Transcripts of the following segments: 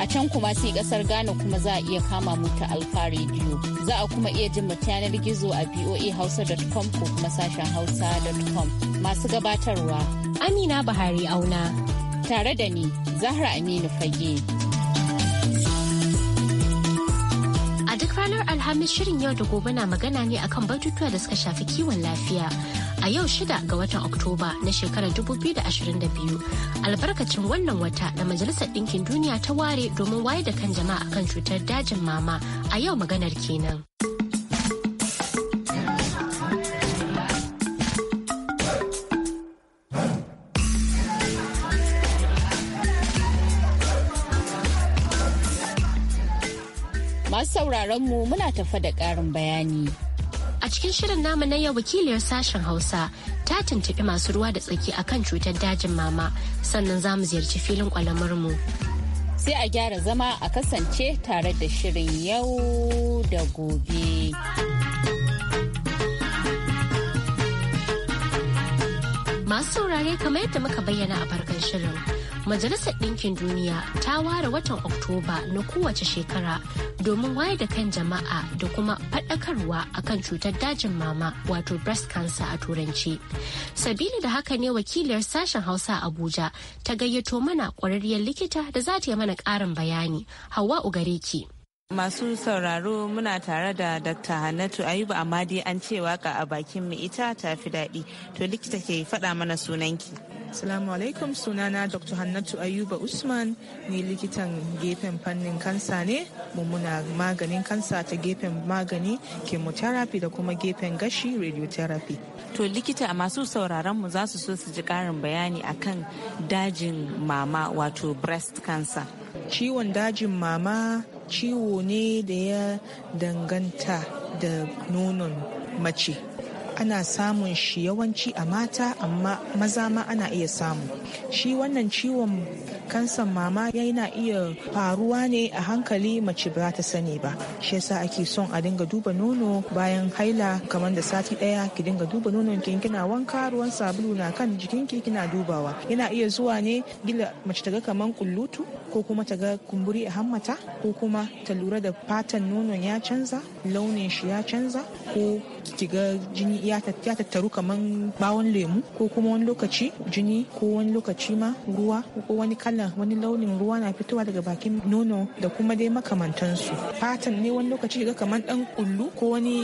a can kuma sai kasar ghana kuma za a iya kama mu ta alfa radio za a kuma iya jin mata yanar gizo a voahausa.com ko kuma sashen hausa.com masu gabatarwa amina bahari auna tare da ni zahra aminu fage a duk ranar alhamis shirin yau da gobe na magana ne akan batutuwa da suka shafi kiwon lafiya a yau shida ga watan Oktoba na shekarar da ashirin biyu albarkacin wannan wata da Majalisar Ɗinkin Duniya ta ware domin wayar da kan jama'a kan cutar dajin mama a yau maganar kenan. Masu sauraron mu muna tafa da ƙarin bayani. A cikin shirin namu na yau wakiliyar sashen Hausa ta tuntuɓi masu ruwa da tsaki akan cutar dajin mama sannan za mu ziyarci filin mu. Sai a gyara zama a kasance tare da shirin yau da gobe. Masu saurare kamar yadda muka bayyana a farkon shirin. Majalisar Ɗinkin Duniya ta ware watan Oktoba na kowace shekara domin wayar da kan jama'a da kuma faɗakarwa akan cutar dajin mama wato breast cancer a turanci. Sabili da haka ne wakiliyar sashen Hausa a Abuja ta gayyato mana ƙwararriyar likita da za ta yi mana ƙarin bayani. Hawa Ugareki. Masu sauraro muna tare da Dr. Hannatu Ayuba Amadi an ce waka a bakin mu ita ta fi daɗi. To likita ke faɗa mana sunanki. Salamu alaikum sunana Dr. Hannatu Ayuba Usman ne likitan gefen fannin kansa ne mummuna maganin kansa ta gefen magani chemotherapy da kuma gefen gashi radiotherapy. To likita a masu sauraron mu za su so su ji ƙarin bayani akan dajin mama wato breast cancer. Ciwon dajin mama ciwo ne da ya danganta da nonon mace ana samun shi yawanci a mata amma maza ma ana iya samu shi wannan ciwon kansan mama yana iya faruwa ne a hankali mace ba ta sani ba shi yasa ake son a dinga duba nono bayan haila kamar da sati daya ki dinga duba nonon ki kina wanka ruwan sabulu na kan jikinki kina dubawa yana iya zuwa ne gila mace ta ga kamar kullutu ko kuma ta ga kumburi a hammata ko kuma ta lura da fatan nonon ya canza launin shi ya canza ko ki ga jini ya tattaru kaman bawon lemu ko kuma wani lokaci jini ko wani lokaci ma ruwa ko wani kala wani launin ruwa na fitowa daga bakin nono da kuma dai makamantansu fatan ne wani lokaci ga kaman dan kullu ko wani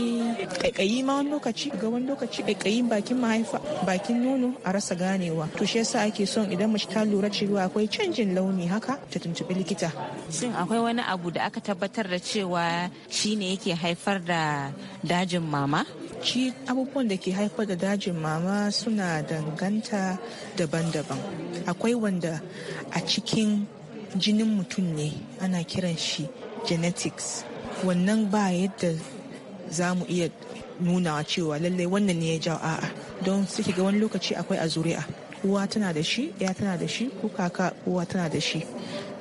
kaikayi ma wani lokaci ga wani lokaci kaikayi bakin mahaifa bakin nono a rasa ganewa to shi yasa ake son idan mace ta lura cewa akwai canjin launi haka ta tuntubi likita shin akwai wani abu da aka tabbatar da cewa shi ne yake haifar da dajin mama shi abubuwan da ke haifar da dajin mama suna danganta daban-daban akwai wanda a cikin jinin mutum ne ana kiran shi genetics wannan ba yadda za mu iya nunawa cewa lallai wannan ne ya jawo a'a don suke ga wani lokaci akwai a zuri'a Kowa tana da shi ya tana da shi ko kaka uwa tana da shi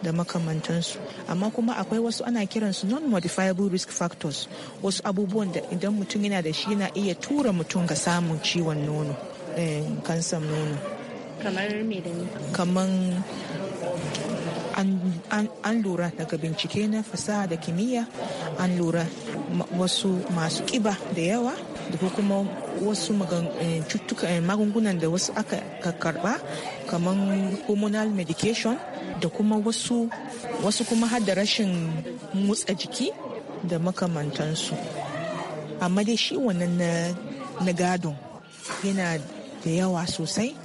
da makamantansu amma kuma akwai wasu ana kiransu non-modifiable risk factors wasu abubuwan da idan mutum yana da shi na iya tura mutum ga samun ciwon nono eh, kansan nono kamar an lura daga bincike na fasaha da kimiyya an lura wasu masu kiba da yawa da kuma wasu eh, eh, magungunan da wasu aka karba kamar hormonal medication da kuma wasu wasu kuma har da rashin motsa jiki da makamantansu amma dai shi wannan na gadon yana da yawa sosai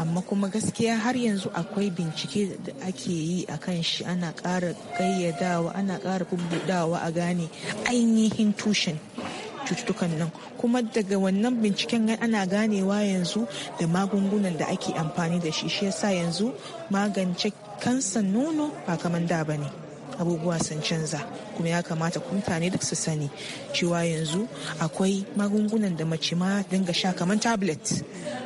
amma kuma gaskiya har yanzu akwai bincike da ake yi a kan shi ana ƙara ƙayyadawa ana ƙara bubbudawa a gane ainihin tushen cututtukan nan kuma daga wannan binciken ana ganewa yanzu da magungunan da ake amfani da shi shi yasa yanzu magance kansan nono ba kamar da ba ne abubuwa sun canza kuma ya kamata mutane duk su sani cewa yanzu akwai magungunan da mace ma dinga sha kamar tablet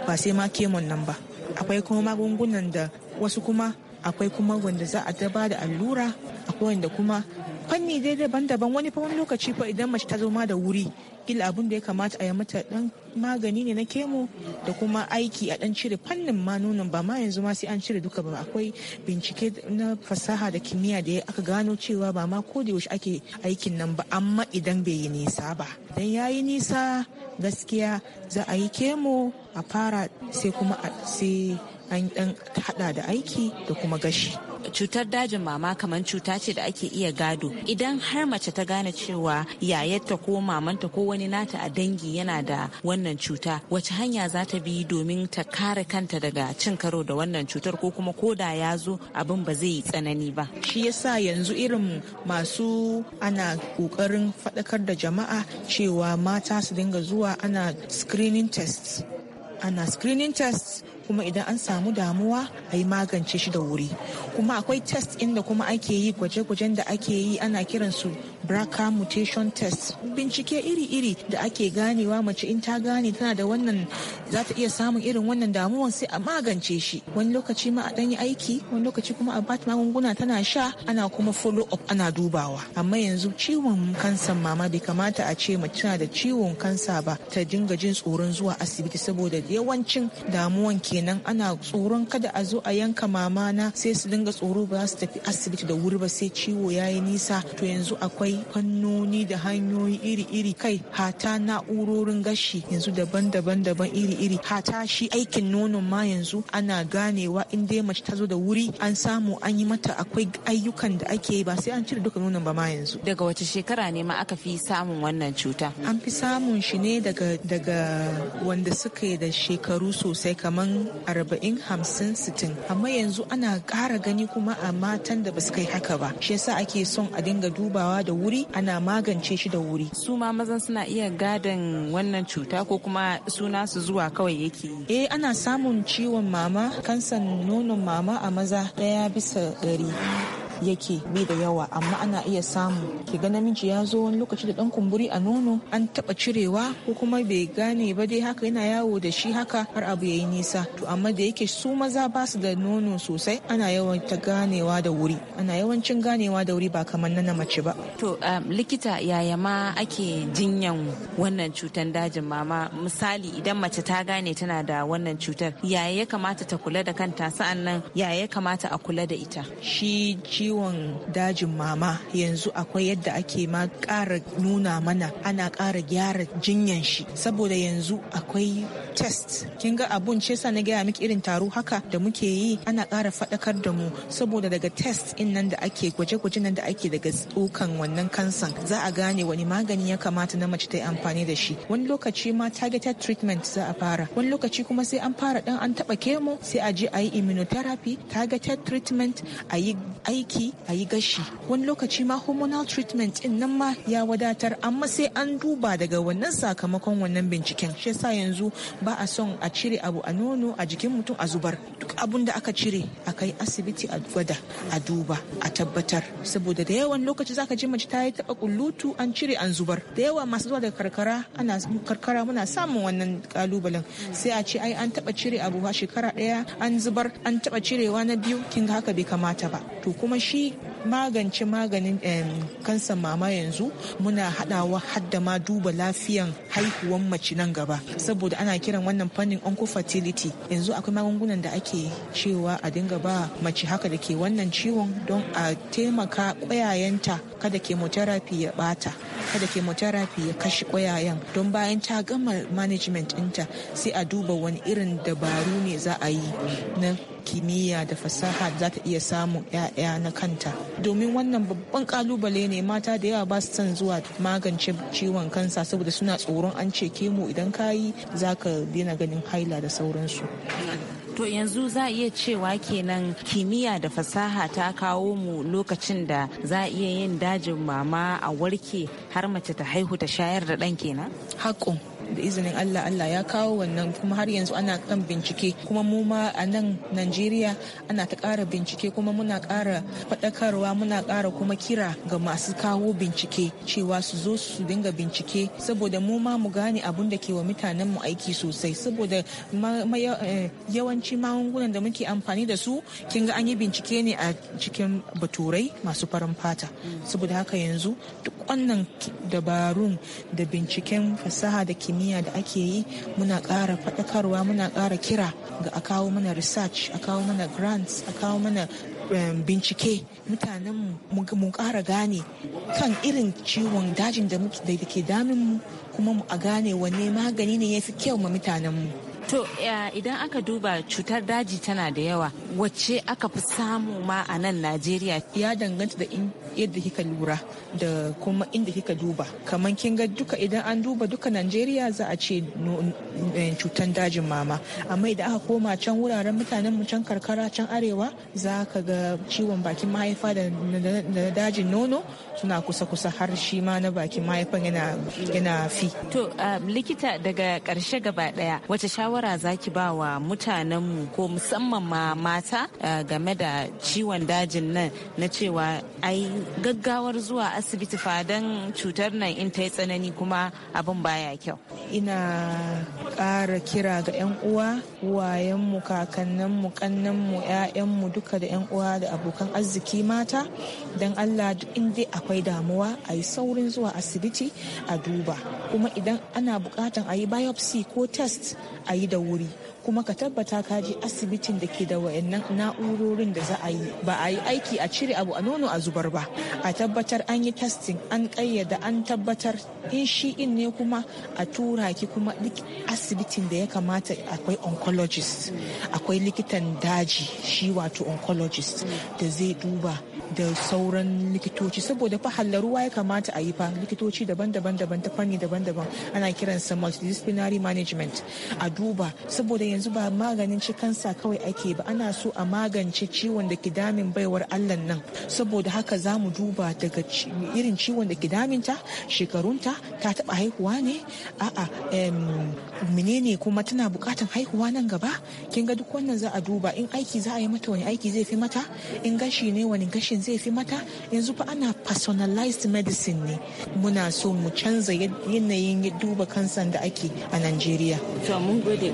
ba sai ma kemon nan ba akwai kuma magungunan da wasu kuma akwai kuma wanda za a daba da allura akwai wanda kuma fanni daidai daban-daban wani fa wani lokaci fa idan mace ta zo ma da wuri kila abin da ya kamata a yi mata dan magani ne na kemo da kuma aiki a dan cire fannin ma nunan ba ma yanzu ma sai an cire duka ba akwai bincike na fasaha da kimiyya da aka gano cewa ba ma ko da yaushe ake aikin nan ba amma idan bai yi nisa ba dan yayi nisa gaskiya za a yi kemo a fara sai kuma sai an dan hada da aiki da kuma gashi cutar dajin mama kamar cuta ce da ake iya gado idan har mace ta gane cewa yayarta ko mamanta ko wani nata a dangi yana da wannan cuta wace hanya za ta bi domin ta kare kanta daga cin karo da wannan cutar ko kuma ko da ya zo abin ba zai yi tsanani ba shi yasa yanzu irin masu ana kokarin faɗakar da jama'a cewa mata su dinga zuwa ana screening test ana screening test kuma idan an samu damuwa a yi magance shi da wuri kuma akwai test inda kuma ake yi gwaje-gwajen da ake yi ana kiransu BRCA mutation test bincike iri-iri da ake ganewa mace in ta gane tana da wannan za ta iya samun irin wannan damuwan sai a magance shi wani lokaci ma a dan yi aiki wani lokaci kuma a bata magunguna tana sha ana kuma follow up ana dubawa amma yanzu ciwon kansan mama bai kamata a ce mace tana da ciwon kansa ba ta dinga jin tsoron zuwa asibiti saboda yawancin damuwan kenan ana tsoron kada a zo a yanka mama na sai su dinga tsoro ba su tafi asibiti da wuri ba sai ciwo ya yi nisa to yanzu akwai fannoni da hanyoyi iri-iri kai hata na'urorin gashi yanzu daban-daban daban iri-iri hata shi aikin nonon ma yanzu ana ganewa in dai mace ta zo da wuri an samu an yi mata akwai ayyukan da ake ba sai an cire duka nonon ba ma yanzu daga wace shekara ne ma aka fi samun wannan cuta an fi samun shi ne daga daga wanda yi da shekaru sosai kaman arba'in hamsin sittin amma yanzu ana ƙara gani kuma a matan da basu kai haka ba shi yasa ake son a dinga dubawa da wuri ana magance shi da wuri su ma mazan suna iya gadon wannan cuta ko kuma suna su zuwa kawai yake eh ana samun ciwon mama kansan nonon mama a maza daya bisa ɗari yake bi da yawa amma ana iya samu ki ga namiji ya zo wani lokaci da dan kumburi a nono an taba cirewa ko kuma bai gane ba dai haka yana yawo da shi haka har abu yayi nisa to amma da yake su maza ba su da nono sosai ana yawan ta ganewa da wuri ana yawancin ganewa da wuri ba kamar na mace ba to um, likita yaya ma ake jinyan wannan cutan dajin mama misali idan mace ta gane tana da wannan cutar yaya ya kamata ta kula da kanta sa'annan yaya ya kamata a kula da ita shi ciwo. ciwon dajin mama yanzu akwai yadda ake ma ƙara nuna mana ana kara gyara jinyan shi saboda yanzu akwai test kin ga abun ce sa na gaya miki irin taro haka da muke yi ana kara faɗakar da mu saboda daga test in nan da ake gwaje-gwaje nan da ake daga tsokan wannan kansan za a gane wani magani ya kamata na mace ta yi amfani da shi wani lokaci ma targeted treatment za a fara wani lokaci kuma sai an fara dan an taba kemo sai a je a yi immunotherapy targeted treatment a yi aiki aiki a yi gashi wani lokaci ma hormonal treatment din nan ma ya wadatar amma sai an duba daga wannan sakamakon wannan binciken shi yasa yanzu ba a son a cire abu a nono a jikin mutum a zubar duk abun da aka cire a kai asibiti a gwada a duba a tabbatar saboda da yawan lokaci zaka ji mace ta yi taba kullutu an cire an zubar da yawa masu zuwa daga karkara ana karkara muna samun wannan kalubalen sai a ce ai an taba cire abu shekara daya an zubar an taba cirewa na biyu kinga haka bai kamata ba to kuma shi magance maganin kansan mama yanzu muna haɗawa hadda ma duba lafiyan haihuwan mace nan gaba saboda ana kiran wannan fannin fertility yanzu akwai magungunan da ake cewa a dinga ba mace haka da ke wannan ciwon don a taimaka kwayayenta kada chemotherapy ya bata kada chemotherapy ya kashe kwayayen don bayan ta gama management ɗinta sai a duba wani irin dabaru ne za a yi na kimiyya da fasaha za ta iya samun 'ya'ya na kanta domin wannan babban kalubale ne mata da yawa ba su son zuwa magance ciwon kansa saboda suna tsoron an ce kemo idan ka yi za ka daina ganin haila da sauransu To yanzu za a iya cewa kenan kimiyya da fasaha ta kawo mu lokacin da za a iya yin dajin mama a warke har mace ta haihu ta shayar da ɗan kenan? Hakun da izinin Allah Allah ya kawo wannan kuma har yanzu ana kan bincike kuma mu ma a nan Najeriya ana ta kara bincike kuma muna kara faɗakarwa muna kara kuma kira ga masu kawo bincike cewa su zo su dinga bincike saboda mu ma mu gane abun da ke wa mutanen mu aiki sosai saboda eh, yawanci magungunan da muke amfani da su kin ga an yi bincike ne a cikin baturai masu farin fata saboda haka yanzu duk wannan dabarun da binciken fasaha da kimiyya kimiyya da ake yi muna kara faɗakarwa muna kara kira ga a kawo mana research a kawo mana grants a kawo mana bincike mutanen mu ƙara gane kan irin ciwon dajin da ke damin mu kuma a gane wanne magani ne ya fi kyau ma mutanen mu To idan aka duba cutar daji tana da yawa wacce aka fi samu ma a nan Najeriya. Ya danganta da yadda kika lura da kuma inda kika duba kamar kin ga duka idan an duba duka najeriya za a ce eh, cutan dajin mama amma idan aka koma can wuraren mutanen mu can karkara can arewa za ka ga ciwon bakin mahaifa da dajin nono suna kusa-kusa har shi ma na bakin mahaifan yana fi to ah, likita daga karshe gaba daya wace shawara zaki ba wa mutanen mu ko musamman ma mata ah, game da ciwon dajin nan na cewa ai gaggawar zuwa asibiti fadan cutar nan in ta yi tsanani kuma abin baya kyau ina ƙara kira ga 'yan uwa wayanmu kakanninmu kannanmu 'ya'yanmu duka da 'yan uwa da abokan arziki mata don allah duk inda akwai damuwa a yi saurin zuwa asibiti a duba kuma idan ana bukatan a yi biopsy ko test a yi da wuri kuma ka tabbata ka je asibitin da ke da wayannan na'urorin da za a yi ba a yi aiki a cire abu a nono a zubar ba a tabbatar an yi testing an kayyada an tabbatar in shi in ne kuma a tura ki kuma duk asibitin da ya kamata akwai oncologist akwai likitan daji shi wato oncologist da zai duba da sauran likitoci saboda fa ruwa ya kamata a yi fa likitoci daban-daban daban ta fanni daban-daban ana sa multidisciplinary management a duba saboda yanzu ba maganin cikansa kawai ake ba ana so a magance ciwon da ke damin baiwar allah nan saboda haka za mu duba daga irin ciwon da ke daminta shekarunta ta taba haihuwa ne a'a menene kuma tana bukatan haihuwa nan gaba kin ga duk wannan za a duba in aiki za a yi mata wani aiki zai fi mata in gashi ne wani gashin zai fi mata yanzu fa ana personalized medicine ne muna so mu canza yanayin duba kansan da ake a Najeriya. mun gode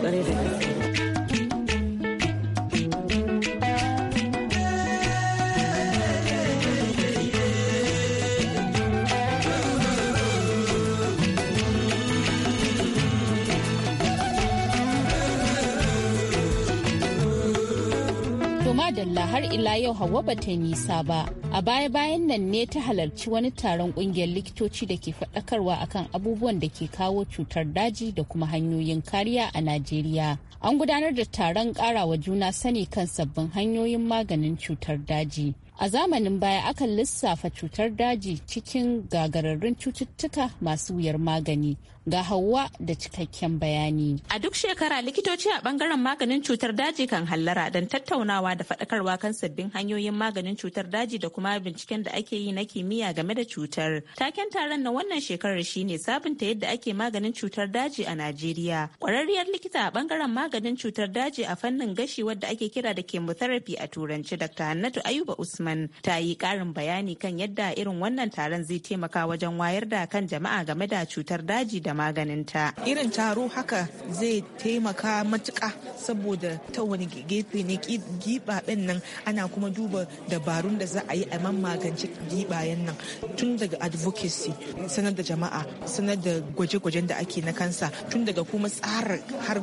Dalla har ila yau Hauwa ba ta nisa ba. A baya-bayan nan ne ta halarci wani taron kungiyar likitoci da ke faɗakarwa akan abubuwan da ke kawo cutar daji da kuma hanyoyin kariya a Najeriya. An gudanar da taron ƙarawa juna sani kan sabbin hanyoyin maganin cutar daji. A zamanin baya akan lissafa cutar daji cikin gagararrun cututtuka masu wuyar magani ga hawa da cikakken bayani. A duk shekara likitoci a bangaren maganin cutar daji kan hallara don tattaunawa da faɗakarwa kan sabbin hanyoyin maganin cutar daji da kuma binciken da ake yi na kimiyya game da cutar. Taken taron na wannan shekarar shine sabunta yadda ake maganin cutar daji a Najeriya. Kwararriyar likita a bangaren maganin cutar daji a fannin gashi wadda ake kira da chemotherapy a turanci Dr. Hannatu Ayuba Usman Usman ta yi ƙarin bayani kan yadda irin wannan taron zai taimaka wajen wayar da kan jama'a game da cutar daji da maganinta. Irin taro haka zai taimaka matuka saboda ta wani gefe ne giɓaɓen nan ana kuma duba dabarun da za a yi a magance giɓayen nan tun daga advocacy sanar da jama'a sanar da gwaje-gwajen da ake na kansa tun daga kuma tsara har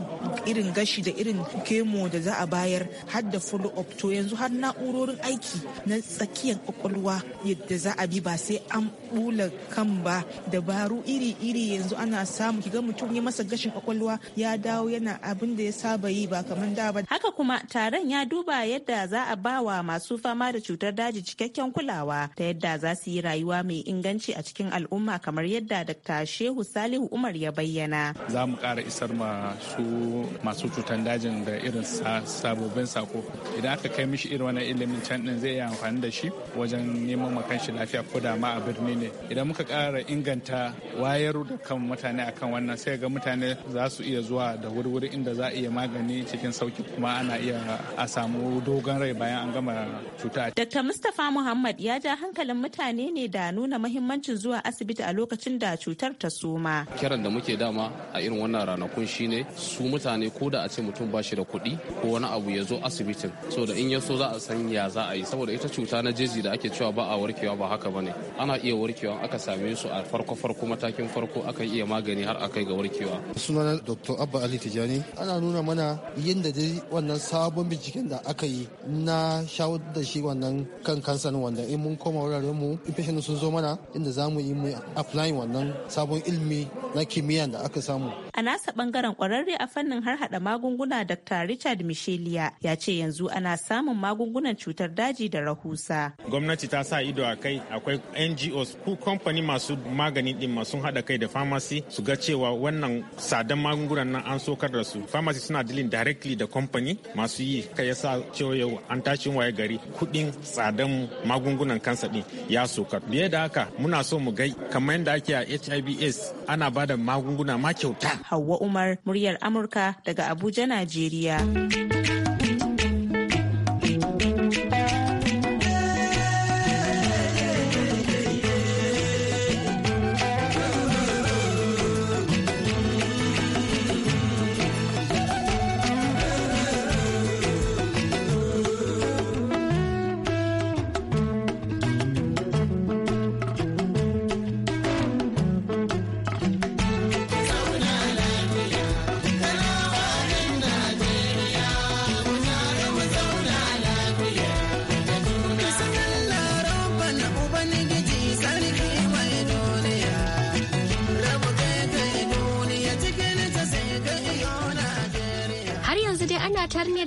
irin gashi da irin kemo da za a bayar har da follow up to yanzu har na'urorin aiki na na tsakiyar kwakwalwa yadda za a bi ba sai an bula kan ba dabaru iri-iri yanzu ana samu kiga mutum ya masa gashin kwakwalwa ya dawo yana abin da ya saba yi ba kamar da ba haka kuma taron ya duba yadda za a ba wa masu fama da cutar daji cikakken kulawa ta yadda za su yi rayuwa mai inganci a cikin al'umma kamar yadda Dr. Shehu Salihu Umar ya bayyana. Za mu ƙara isar ma su masu cutar dajin da irin sabobin sako idan aka kai mishi irin wani ilimin can din zai yi amfani amfani da shi wajen neman makan shi lafiya ko da ma a birni ne idan muka ƙara inganta wayar da kan mutane akan wannan sai ga mutane za su iya zuwa da wurwuri inda za a iya magani cikin sauki kuma ana iya a samu dogon rai bayan an gama cuta. Dr. Mustapha Muhammad ya ja hankalin mutane ne da nuna mahimmancin zuwa asibiti a lokacin da cutar ta suma. Kiran da muke dama a irin wannan ranakun shine su mutane ko da a ce mutum ba shi da kuɗi ko wani abu ya zo asibitin so da in ya so za a san ya za a yi saboda ita wata cuta na jeji da ake cewa ba a warkewa ba haka bane ana iya warkewa aka same su a farko farko matakin farko akan iya magani har a kai ga warkewa sunana dr abba ali tijani ana nuna mana yadda dai wannan sabon binciken da aka yi na shawo da shi wannan kan kansan wanda in mun koma wuraren mu infection sun zo mana inda zamu yi mu applying wannan sabon ilimi na kimiyya da aka samu a nasa bangaren kwararre a fannin har hada magunguna dr richard michelia ya ce yanzu ana samun magungunan cutar daji da rahusa gwamnati ta sa ido a kai akwai ngos ko kamfani masu magani din masu haɗa kai da pharmacy su ga cewa wannan sadan magungunan nan an sokar da su pharmacy suna dealing directly da kamfani masu yi kai yasa cewa yau an tashin waye gari kuɗin tsadan magungunan kansa din ya sokar biye da haka muna so mu gai kamar yadda ake a hiv aids ana ba da magunguna ma kyauta. Hauwa Umar, muryar Amurka daga Abuja, Najeriya.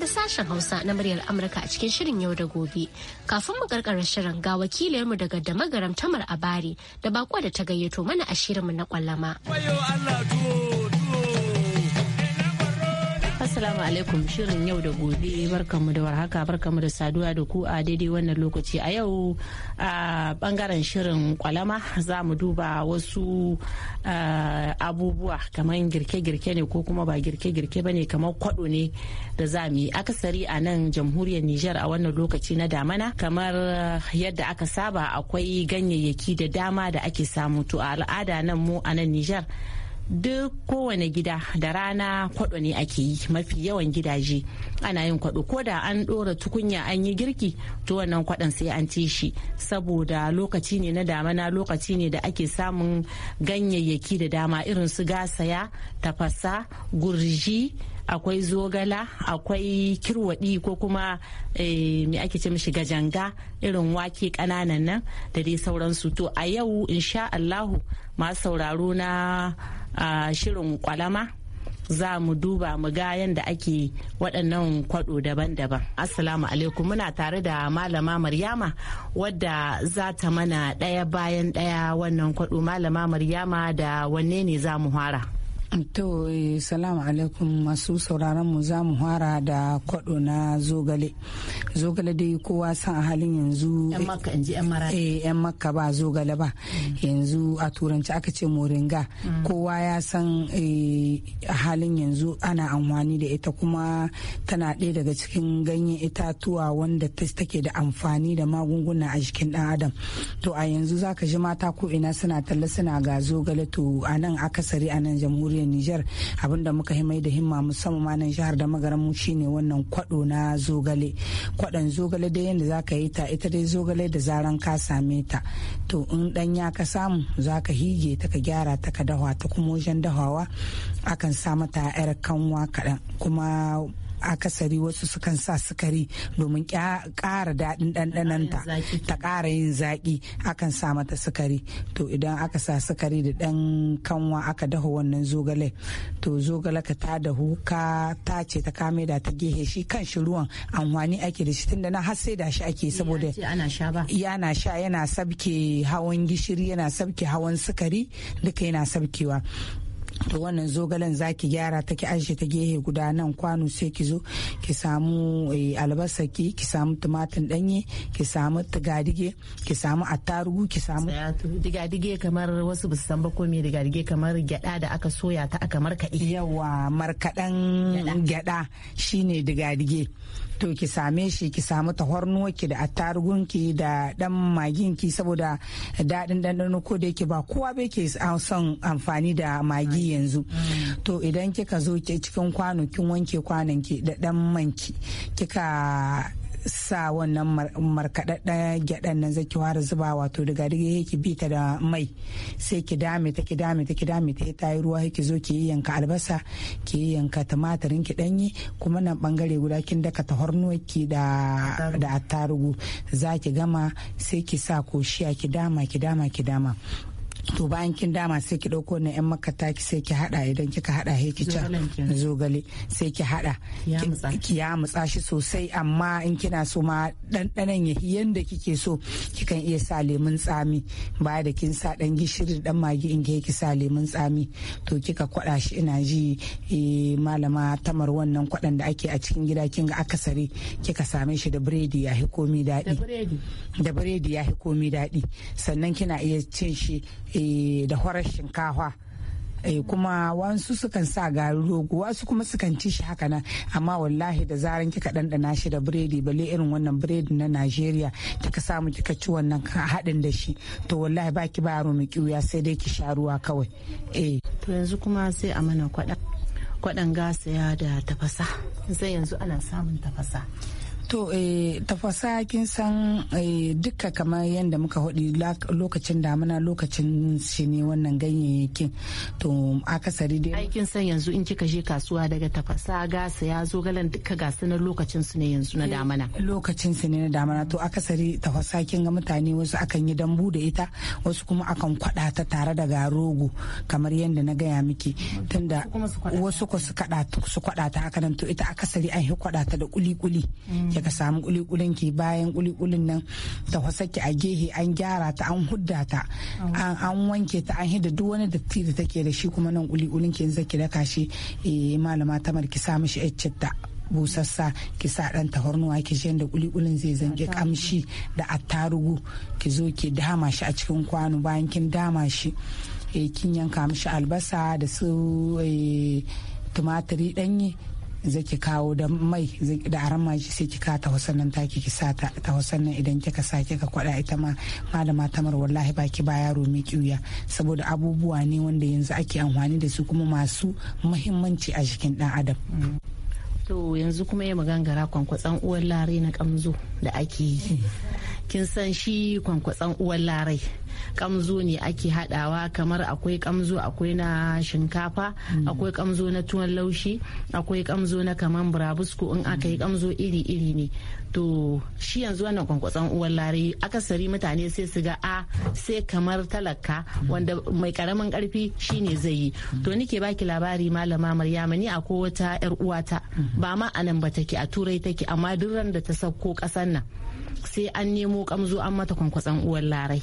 sashen Hausa na muryar Amurka a cikin shirin yau da gobe. Kafin mu karkara shirin ga wakilinmu daga Damagaram Tamar Abari da bako da ta gayyato mana a shirinmu na kwallama. Assalamu alaikum shirin yau da gobe barkamu da warhaka barkamu da saduwa da ku a daidai wannan lokaci a yau a bangaren shirin kwalama za mu duba wasu abubuwa kamar girke-girke ne ko kuma ba girke-girke ba ne kamar kwado ne da za mu yi akasari a nan jamhuriyar Nijar a wannan lokaci na damana kamar yadda aka saba akwai ganyayyaki da dama da ake samu to a al'ada nan mu a nan Nijar duk kowane gida da rana kwaɗo ne ake yi mafi yawan gidaje ana yin kwaɗo ko da an ɗora tukunya an yi girki to wannan kwaɗon sai an ci shi saboda lokaci ne na damana lokaci ne da ake samun ganyayyaki da dama irin su gasaya tafasa gurji akwai zogala akwai kirwaɗi ko kuma eh, me ake ce mishi gajanga irin wake ƙananan nan da dai sauransu to a yau insha Allahu masu sauraro na a shirin kwalama za mu duba mu ga yadda ake waɗannan kwaɗo daban-daban. Assalamu alaikum muna tare da malama Maryama wadda za ta mana ɗaya bayan ɗaya wannan kwaɗo malama Maryama da wanne ne za mu fara? To, eh, salamu alaikum masu sauraron mu za mu fara da kwado na zogale. Zogale dai kowa san a halin yanzu. Yan makka eh, ba zogale ba. Yanzu a turanci aka ce moringa. Mm. Kowa ya san eh, a halin yanzu ana amfani da ita kuma tana ɗaya daga cikin ganyen itatuwa wanda take da amfani da magunguna a jikin ɗan adam. To a yanzu za ka ji mata ko ina suna talla suna ga zogale to a nan akasari a nan jamhuriyar jamhuriyar Nijar abinda muka yi mai da himma musamman ma nan jihar da magaran mu shine wannan kwado na zogale kwadon zogale dai yadda zaka yi ta ita dai zogale da zaran ka same ta to in ya ka samu zaka hige ta ka gyara ta ka dahwa ta kuma wajen dahawa akan sa mata yar kanwa kaɗan kuma akasari wasu sukan sa sukari domin ƙara daɗin ɗanɗananta ta ƙara yin zaƙi akan sa mata sukari to idan aka sa sukari da ɗan kanwa aka daho wannan zogale to zogale ka ta dahu ka ta ce ta kame da ta gehe shi kan shi ruwan amfani ake da shi tunda na har sai da shi ake saboda yana sha yana sabke hawan gishiri yana sabke hawan sukari duka yana sabkewa to wannan zogalen za ki gyara ta ki ajiye ta gehe guda nan kwano sai ki zo ki samu eh, albasa ki ki samu tumatin danye ki samu digadige ki samu attarugu ki samu digadige kamar wasu bisu san ba komai digadige kamar gyada da aka soya ta aka markaɗe. yawa markadan gyada shine digadige to ki same shi ki samu ki da attarugunki da dan maginki saboda daɗin ɗanɗano ko da yake ba kowa bai ke son amfani da magi yanzu to idan kika zo cikin kwano kin wanke ki da dan manki kika sa wannan markaɗaɗɗen gyaɗan nan zai kiwa da zuba wato daga daga yake bi ta da mai sai ki dame ta ki dame ta ki dame ta ta yi ruwa ki zo ki yi yanka albasa ki yi yanka tumatirin ki danyi kuma nan bangare guda kin daka tahornuwar ki da da attarugu za ki gama sai ki sa koshiya ki dama ki dama ki dama to bayan kin dama sai ki dauko na yan makata ki sai ki hada idan kika hada he ki ci zogale sai ki hada ki ya mutsa shi sosai amma in kina so ma dandanan ya yanda kike so kikan iya sa lemun tsami baya da kin sa dan gishiri dan magi in ki sa lemun tsami to kika kwada shi ina ji eh, malama tamar wannan kwadan da ake a cikin gida kin ga akasari kika same shi da biredi ya komi dadi da biredi ya komi daɗi sannan kina iya cin shi Eh, da horar shinkafa eh, kuma wasu sukan sa garin rogo wasu kuma sukan ci shi haka nan amma wallahi da zaran kika ɗanɗana shi da biredi bale irin wannan biredi na Najeriya kika samu kika ci wannan haɗin da shi to wallahi baki ba yaro mai kiwuya sai dai ki sha ruwa kawai eh to yanzu kuma sai a mana kwaɗan kwaɗan gasa ya da tafasa sai yanzu ana samun tafasa To eh, tafasa kin san eh, duka kamar yadda muka hudu lokacin damuna lokacin shi ne wannan ganyayyakin to akasari dai. Aikin san yanzu in kika je kasuwa daga tafasa gasa ya zo galan duka gasa na lokacin su ne yanzu na eh, damuna. Lokacin su ne na damuna to akasari tafasa kin ga mutane wasu akan yi dambu da ita wasu kuma akan kwaɗa ta tare da garogo kamar yadda na gaya miki tunda wasu ko su kwaɗa ta haka nan to ita akasari an yi kwaɗa ta da kuli-kuli. Mm. ka samu kulikulin ki bayan kulikulin nan ta ki a gehe an gyara ta an hudda ta an wanke ta an hidda duk wani datti da take da shi kuma nan kulikulin ki zaki daka shi eh, malama tamar ki sa mishi citta busassa ki sa dan tahornuwa ki shi da kulikulin zai zange kamshi da attarugu ki zo ki dama shi a cikin kwano bayan kin dama shi eh, kin yanka mishi albasa da su eh, tumatiri danye zai ki kawo da mai da aran maji sai ki ka tawasannan taki ki sa nan idan kika sa kika kwada ita ma malama tamar wallahi baki ba yaro mai kiuya saboda abubuwa ne wanda yanzu ake amfani da su kuma masu muhimmanci a jikin dan adam to yanzu kuma ya magangara kwankwatsan uwar larai na kamzo da ake yi mm. kin san shi kwankwatsan uwan larai kamzo ne ake hadawa kamar akwai kamzo akwai na shinkafa mm. akwai kamzo na tuwon laushi akwai kamzo na kamar burabusko in aka yi mm. kamzo iri-iri ne to shi yanzu wannan kwankwatsan uwan lare akasari mutane sai su ga a ah, sai kamar talaka mm. wanda mai karamin karfi shine zai yi to nike baki labari malama maryama ni akwai wata yar uwata ba ma a nan ba take a turai take amma duk ran da ta sauko kasan nan sai an nemo kamzo an mata kwankwatsan uwan larai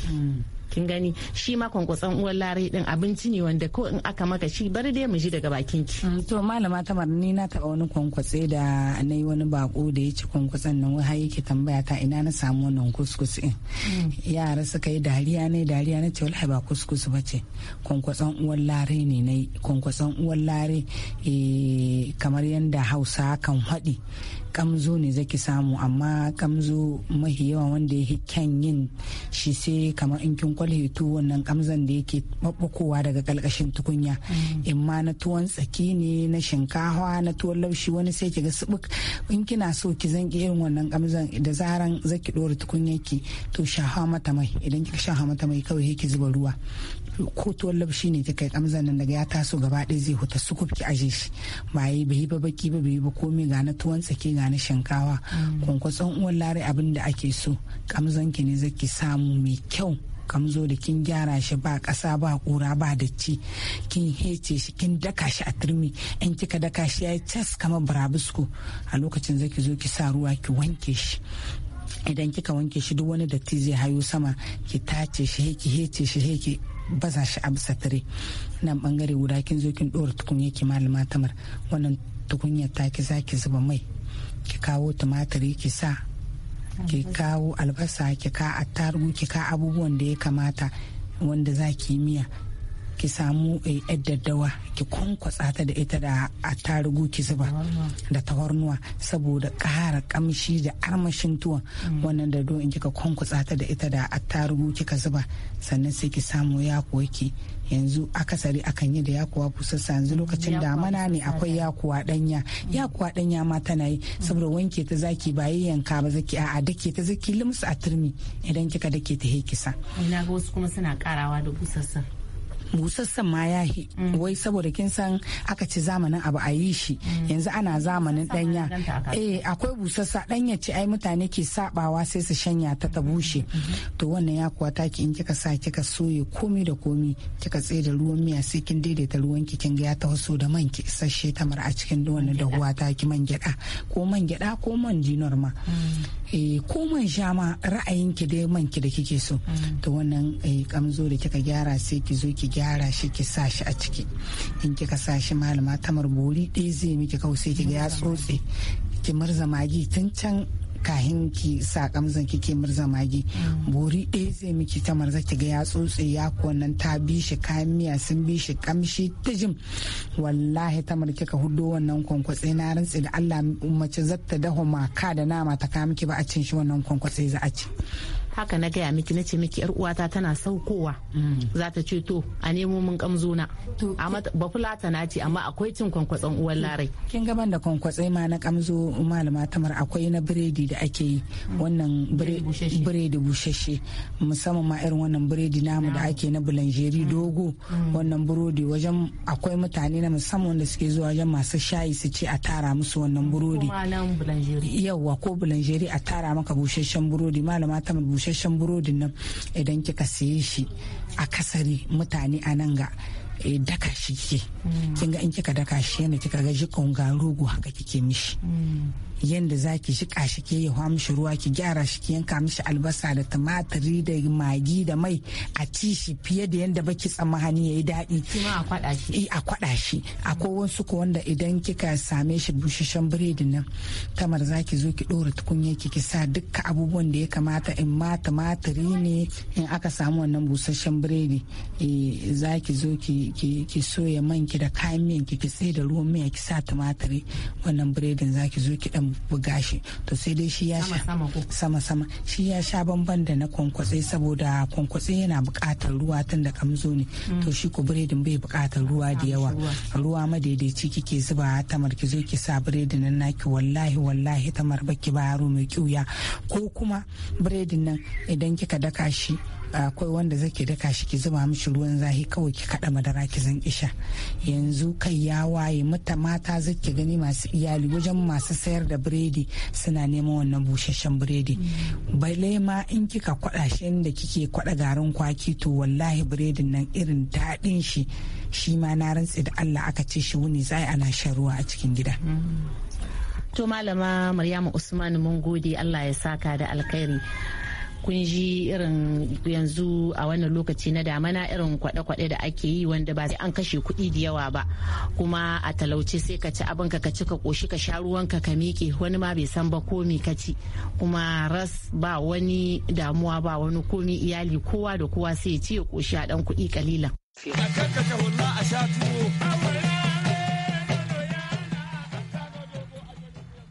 kin gani shi ma kwankwason uwar larai din abinci ne wanda ko in aka maka shi bari dai mu ji daga bakin ki mm, to malama tamar ni na taba wani kwankwatse da nayi wani bako da ya ci kwankwatsan nan wai yake tambaya ta ina na samu wannan kuskus din mm. yara suka yi dariya ne dariya na ce wallahi ba kuskus ba ce kwankwason uwar larai ne nayi kwankwason uwar larai eh, kamar yadda hausa kan haɗi kamzo ne zaki samu amma kamzo mahi yawa wanda ya kyan yin shi sai kamar in kin kwalhe tuwo wannan kamzan da yake babbakowa daga kalkashin tukunya mm. in ma na tuwon tsaki ne na shinkawa na tuwon laushi wani sai kiga subuk in kina so ki zanki irin wannan kamzan da zaran zaki dora tukunya ki to shaha mata mai idan kika shaha mata mai kawai ki zuba ruwa ko tuwon laushi ne kika kamzan nan daga ya taso gaba ɗaya zai huta sukuf ki aje shi ba yi ba baki ba bai ba komai ga na tuwon tsaki ga na na shinkawa mm. kwankwason uwan lare abin da ake so kamzon ki ne zaki samu mai kyau kamzo da kin gyara shi ba ƙasa ba kura ba ci kin hece shi kin daka shi a turmi in kika daka shi ya yi cas kamar burabusko a lokacin zaki zo ki sa ruwa ki wanke shi idan kika wanke shi duk wani datti zai hayo sama ki tace shi ki hece shi ki baza shi a bisa tare nan bangare guda kin zo kin dora tukunya ki malama tamar wannan tukunyar taki zaki zuba mai ki kawo tumatiri ki sa ki kawo albasa ki ka attarugu ki ka abubuwan da ya kamata wanda za ki yi miya ki samu eh, yar daddawa ki kwankwatsa ta da ita da attarugu ki zuba da tawarnuwa saboda kara kamshi da armashin tuwon mm. wannan da in kika kwankwatsa ta da ita da attarugu kika zuba sannan sai ki samu yakuwa ki yanzu akasari akan yi da yakuwa busassa yanzu mm, lokacin damana ne akwai yakuwa danya mm. yakuwa danya ma tana yi saboda wanke ta zaki ba yi yanka ba zaki a dake ta zaki limsa a turmi idan kika dake ta hekisa ina wasu kuma suna karawa da busassan ma ya yi mm. wai saboda kin san aka ci zamanin abu a yi shi mm. yanzu ana zamanin danya eh akwai busassa danya ce ai mutane ke sabawa sai su shanya ta ta bushe mm. to wannan ya kuwa taki in kika sa kika soye komi da komi kika tsaye da ruwan miya sai kin daidaita ruwan ki kin ga ya taho da man ki isasshe tamar a cikin wannan dahuwa taki man gyada ko man gyada ko man jinor Eh, ko man sha ma ra'ayin ki dai man ki da kike so mm. to wannan eh, kamzo da kika gyara sai ki zo ki gyara shi ki sa shi a ciki in kika sa shi malama tamar bori ɗaya zai miki kawai sai ki ga ya tsotse ki marza magi tun can kahin ki sa kamzan kike murza magi mm. bori ɗaya zai miki ta marza ki ga ya tsotse ya konan ta bi shi kayan miya sun bi shi kamshi ta jim wallahi ta marki ka hudo wannan kwankwatse na rantsi da Allah mace zata daho maka da nama ta miki ba a cin shi wannan kwankwatsai za a ci haka na gaya miki na ce miki yar uwata tana saukowa mm. za ta ce to a nemo mun kamzona amma ba fulata na ce amma akwai cin kwankwatsan uwar larai kin ga da kwankwatsai ma na kamzo malama tamar akwai na biredi da ake yi mm. wannan biredi bushashe musamman ma irin wannan biredi namu da ake na bulanjeri mm. dogo wannan burodi wajen akwai mutane na musamman da suke zuwa wajen masu shayi su ce a tara musu wannan burodi yawwa ko bulanjeri a tara maka bushashen burodi malama tamar bushashe busasshen burodi nan idan kika siye shi a kasari mutane a nan ga eh, daka shi ke mm. kin ga in kika daka shi yana kika ga jikon garugu haka kike mishi mm. yadda za ki shiƙa shi ke ya hwa mishi ruwa ki gyara shi ki yanka mishi albasa da tumatiri da magi da mai a ci shi fiye da yadda baki tsammani ya yi daɗi. Kima a kwaɗa shi. Eh, a kwaɗa shi. Akwai wasu ko wanda idan kika same shi busashen biredi nan tamar za ki zo ki ɗora tukunya ki ki sa dukkan abubuwan da ya kamata in ma tumatiri ne in aka samu wannan busashen biredi eh, za ki zo ki soya man ki da kayan miyan ki ki tsaye da ruwan miya ki sa tumatiri wannan biredin za ki zo ki ɗan kan buga shi to sai dai shi ya sha sama sama shi ya sha bamban da na kwankwatse saboda kwankwatse yana bukatar ruwa tun da kamzo ne mm. to shi ko biredin bai bukatar ruwa da ah, yawa ruwa madaidaici kike zuba tamar ki zo ki sa biredin nan naki wallahi wallahi tamar baki ba yaro mai kiuya ko kuma biredin nan idan kika daka shi akwai wanda zake daka shi ki zuba mishi ruwan zahi kawai ki kada madara ki zan isha yanzu kai ya waye mata mata zake gani masu iyali wajen masu sayar da biredi suna neman wannan busasshen biredi bale ma in kika kwaɗa shi inda kike kwaɗa garin kwaki to wallahi biredin nan irin daɗin shi shi ma na rantse da Allah aka ce shi wuni zai ana shan ruwa a cikin gida to malama Maryamu Usman mun gode Allah ya saka da alkhairi kun ji irin yanzu a wannan lokaci na damana irin kwaɗe-kwaɗe da ake yi wanda ba sai an kashe kuɗi da yawa ba kuma a talauce sai ka ci abin ka ci ka koshi ka sha ruwan ka miƙe wani ma bai san ba komi ka ci kuma ras ba wani damuwa ba wani komi iyali kowa da kowa sai ya ci ya koshi a ɗan kuɗi kalilan.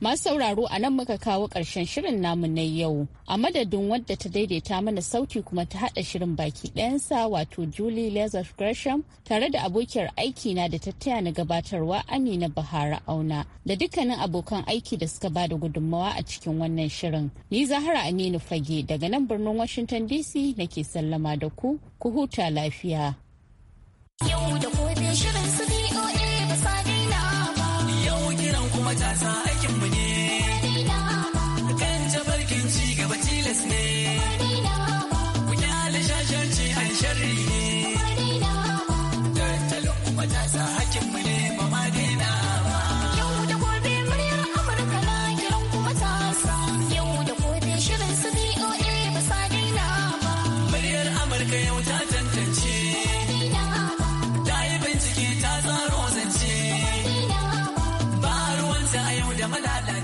Masu sauraro a nan muka kawo ƙarshen shirin namu na yau. A madadin wadda ta daidaita mana sauti kuma ta haɗa shirin baki ɗayansa wato Julie Lazar Gresham tare da abokiyar aiki na da tattaya na gabatarwa Amina Bahara Auna da dukkanin abokan aiki da suka bada gudunmawa a cikin wannan shirin. Ni Zahara Aminu Fage daga nan birnin Washington DC nake sallama da ku, ku huta lafiya.